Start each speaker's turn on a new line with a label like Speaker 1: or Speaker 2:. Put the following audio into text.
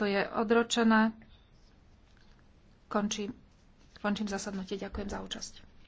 Speaker 1: To je odročené. Končím, končím zasadnutie. Ďakujem za účasť.